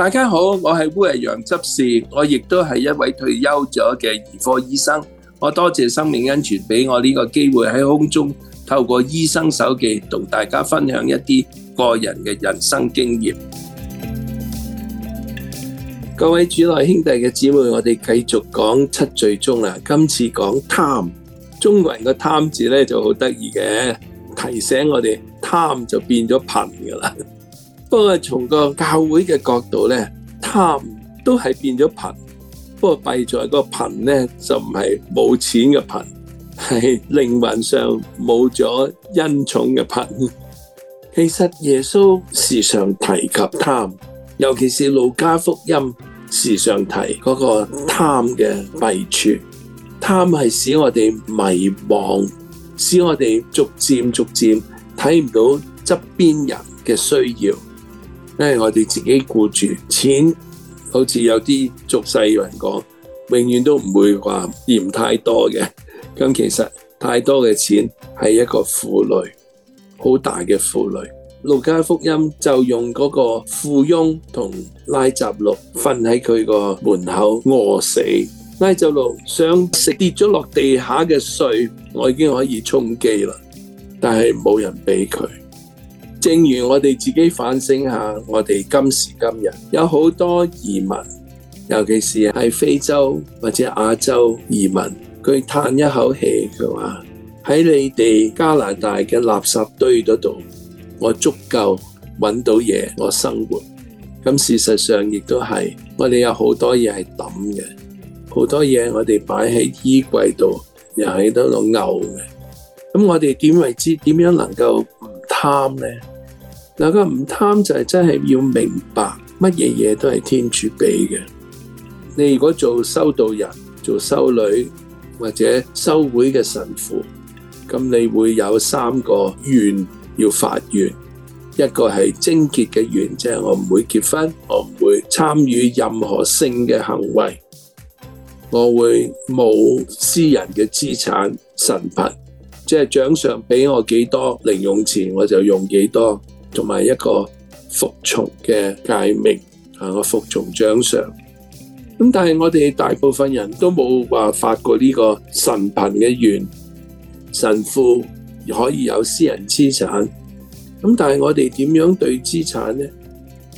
大家好，我係烏羊執事，我亦都係一位退休咗嘅兒科醫生。我多謝生命恩泉俾我呢個機會喺空中透過醫生手記同大家分享一啲個人嘅人生經驗。各位主內兄弟嘅姊妹，我哋繼續講七罪宗啦。今次講貪，中國人個貪字咧就好得意嘅，提醒我哋貪就變咗貧噶啦。不過，從個教會嘅角度咧，貪都係變咗貧。不過弊在個貧咧，就唔係冇錢嘅貧，係靈魂上冇咗恩寵嘅貧。其實耶穌時常提及貪，尤其是《路加福音》時常提嗰個貪嘅弊處。貪係使我哋迷惘，使我哋逐漸逐漸睇唔到側邊人嘅需要。因為我哋自己顧住錢，好似有啲俗世人講，永遠都唔會話嫌太多嘅。咁其實太多嘅錢係一個負累，好大嘅負累。路加福音就用嗰個富翁同拉雜祿瞓喺佢個門口餓死，拉雜祿想食跌咗落地下嘅碎，我已經可以充飢啦，但係冇人俾佢。正如我哋自己反省下，我哋今時今日有好多移民，尤其是係非洲或者亞洲移民，佢嘆一口氣，佢話喺你哋加拿大嘅垃圾堆嗰度，我足夠揾到嘢，我生活。咁事實上亦都係，我哋有好多嘢係抌嘅，好多嘢我哋擺喺衣櫃度，又喺嗰度摳嘅。咁我哋點為之點樣能夠唔貪咧？大家唔貪就係真係要明白乜嘢嘢都係天主俾嘅。你如果做修道人、做修女或者修會嘅神父，咁你會有三個願要發願，一個係貞潔嘅願，即係我唔會結婚，我唔會參與任何性嘅行為，我會冇私人嘅資產、神貧，即係長上俾我幾多零用錢，我就用幾多。同埋一個服從嘅誡命啊，我服從長上咁。但係我哋大部分人都冇話發過呢個神貧嘅願，神父可以有私人資產，咁但係我哋點樣對資產呢？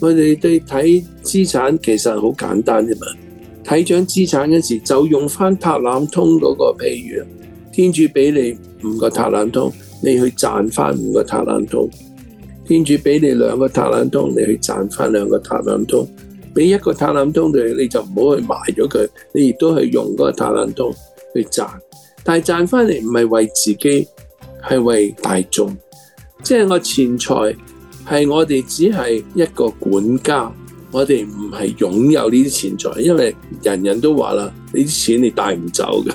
我哋對睇資產其實好簡單啫嘛。睇掌資產嗰時候就用翻塔冷通嗰、那個比喻，天主俾你五個塔冷通，你去賺翻五個塔冷通。天主俾你兩個塔冷通，你去賺翻兩個塔冷通。俾一個塔冷通你，你就唔好去賣咗佢，你亦都係用嗰個塔冷通去賺。但係賺翻嚟唔係為自己，係為大眾。即係我錢財係我哋只係一個管家，我哋唔係擁有呢啲錢財，因為人人都話啦，呢啲錢你帶唔走嘅。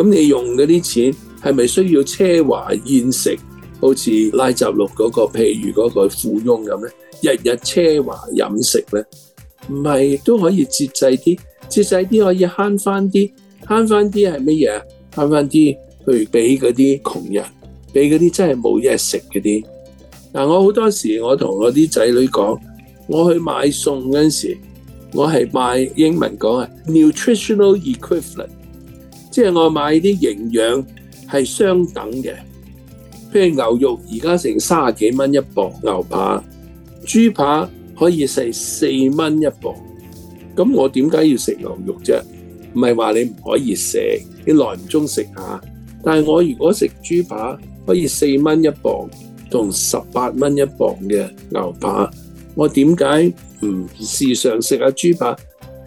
咁你用嗰啲錢係咪需要奢華宴食？好似拉匝祿嗰個，譬如嗰個富翁咁咧，日日奢華飲食咧，唔係都可以節制啲，節制啲可以慳翻啲，慳翻啲係乜嘢？慳翻啲去俾嗰啲窮人，俾嗰啲真係冇嘢食嗰啲。嗱、啊，我好多時我同我啲仔女講，我去買餸嗰時，我係買英文講啊，nutritional equivalent，即係我買啲營養係相等嘅。譬如牛肉而家成三十幾蚊一磅，牛扒、豬扒可以食四蚊一磅。咁我點解要食牛肉啫？唔係話你唔可以食，你耐唔中食下。但係我如果食豬扒可以四蚊一磅，同十八蚊一磅嘅牛扒，我點解唔時常食下豬扒？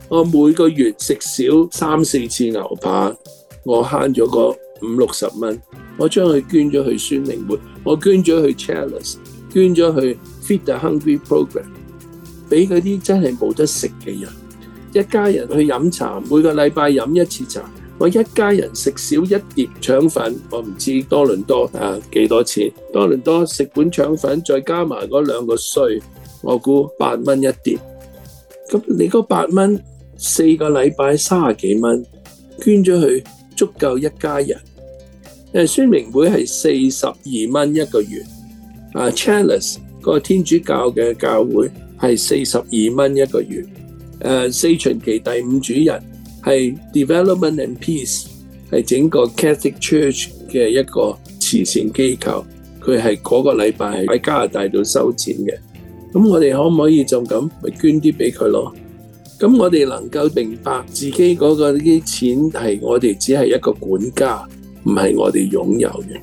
我每個月食少三四次牛扒，我慳咗個五六十蚊。我將佢捐咗去宣靈會，我捐咗去 c h a r i s y 捐咗去 Feed the Hungry Program，俾嗰啲真係冇得食嘅人。一家人去飲茶，每個禮拜飲一次茶。我一家人食少一碟腸粉，我唔知多倫多啊幾多錢？多倫多食碗腸粉再加埋嗰兩個餸，我估八蚊一碟。咁你嗰八蚊，四個禮拜卅幾蚊，捐咗去足夠一家人。誒宣明會係四十二蚊一個月，啊 Chalice 個天主教嘅教會係四十二蚊一個月。誒四旬期第五主日係 Development and Peace，係整個 Catholic Church 嘅一個慈善機構，佢係嗰個禮拜喺加拿大度收錢嘅。咁我哋可唔可以就咁咪捐啲俾佢咯？咁我哋能夠明白自己嗰個啲錢係我哋只係一個管家。唔係我哋擁有嘅，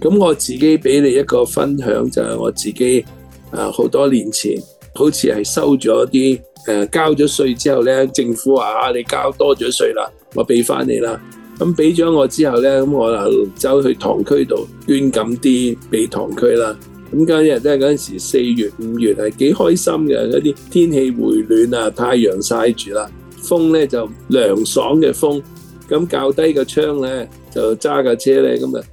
咁我自己俾你一個分享就係、是、我自己，好、啊、多年前好似係收咗啲、啊、交咗稅之後咧，政府話啊你交多咗稅啦，我俾翻你啦。咁俾咗我之後咧，咁我就走去堂區度捐咁啲俾堂區啦。咁今日即係嗰陣時四月五月係幾開心嘅嗰啲天氣回暖啊，太陽曬住啦，風咧就涼爽嘅風，咁較低個窗咧。就揸架車咧，咁啊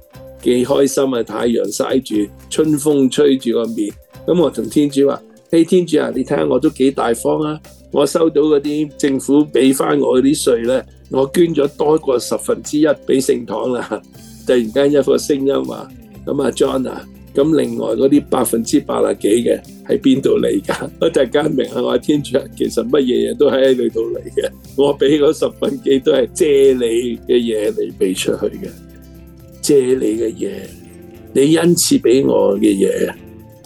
幾開心啊！太陽曬住，春風吹住個面。咁我同天主話：嘿，hey, 天主啊，你睇下我都幾大方啊！我收到嗰啲政府俾翻我嗰啲稅咧，我捐咗多過十分之一俾聖堂啦。突然間一個聲音話：咁啊，John 啊。咁另外嗰啲百分之八十幾嘅喺邊度嚟噶？我大家明啊，我天主其實乜嘢嘢都喺你度嚟嘅。我俾嗰十份幾都係借你嘅嘢嚟俾出去嘅，借你嘅嘢，你恩賜俾我嘅嘢，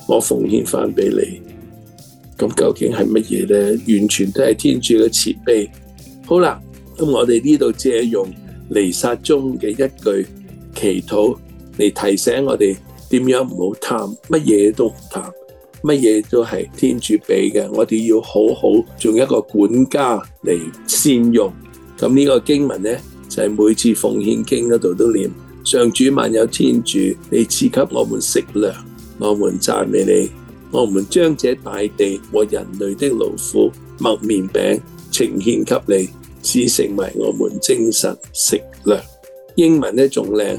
我奉獻翻俾你。咁究竟係乜嘢呢？完全都係天主嘅慈悲。好啦，咁我哋呢度借用彌撒中嘅一句祈禱嚟提醒我哋。點樣唔好貪？乜嘢都唔貪，乜嘢都係天主俾嘅。我哋要好好做一個管家嚟善用。咁呢個經文呢，就係每次奉獻經嗰度都念。上主萬有天主，你賜給我們食糧，我們讚美你。我們將這大地和人類的勞苦麥麵餅呈獻給你，使成為我們精神食糧。英文呢仲靚。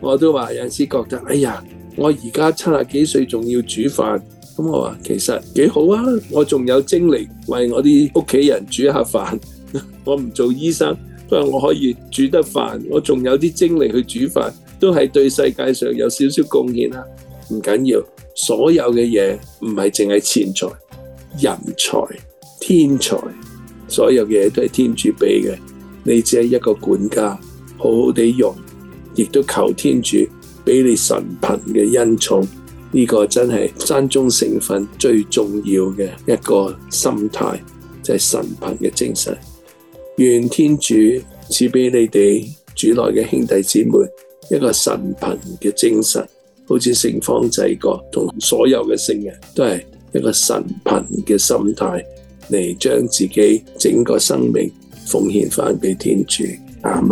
我都話有陣時覺得，哎呀，我而家七十幾歲仲要煮飯，咁我話其實幾好啊！我仲有精力為我啲屋企人煮下飯，我唔做醫生，但我可以煮得飯，我仲有啲精力去煮飯，都係對世界上有少少貢獻啦。唔緊要，所有嘅嘢唔係淨係錢財、人才、天才，所有嘢都係天主畀嘅，你只係一個管家，好好地用。亦都求天主俾你神貧嘅恩寵，呢、這個真係山中成分最重要嘅一個心態，就係神貧嘅精神。願天主賜俾你哋主內嘅兄弟姐妹一個神貧嘅精神，好似聖方濟各同所有嘅聖人，都係一個神貧嘅心態，嚟將自己整個生命奉獻返俾天主，啊。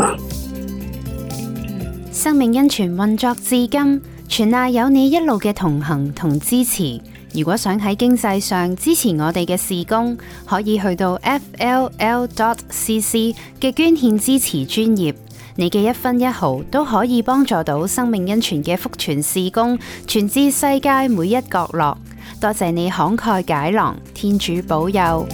生命恩泉運作至今，全賴有你一路嘅同行同支持。如果想喺經濟上支持我哋嘅事工，可以去到 fll.cc 嘅捐獻支持專業。你嘅一分一毫都可以幫助到生命恩泉嘅福傳事工，傳至世界每一角落。多謝你慷慨解囊，天主保佑。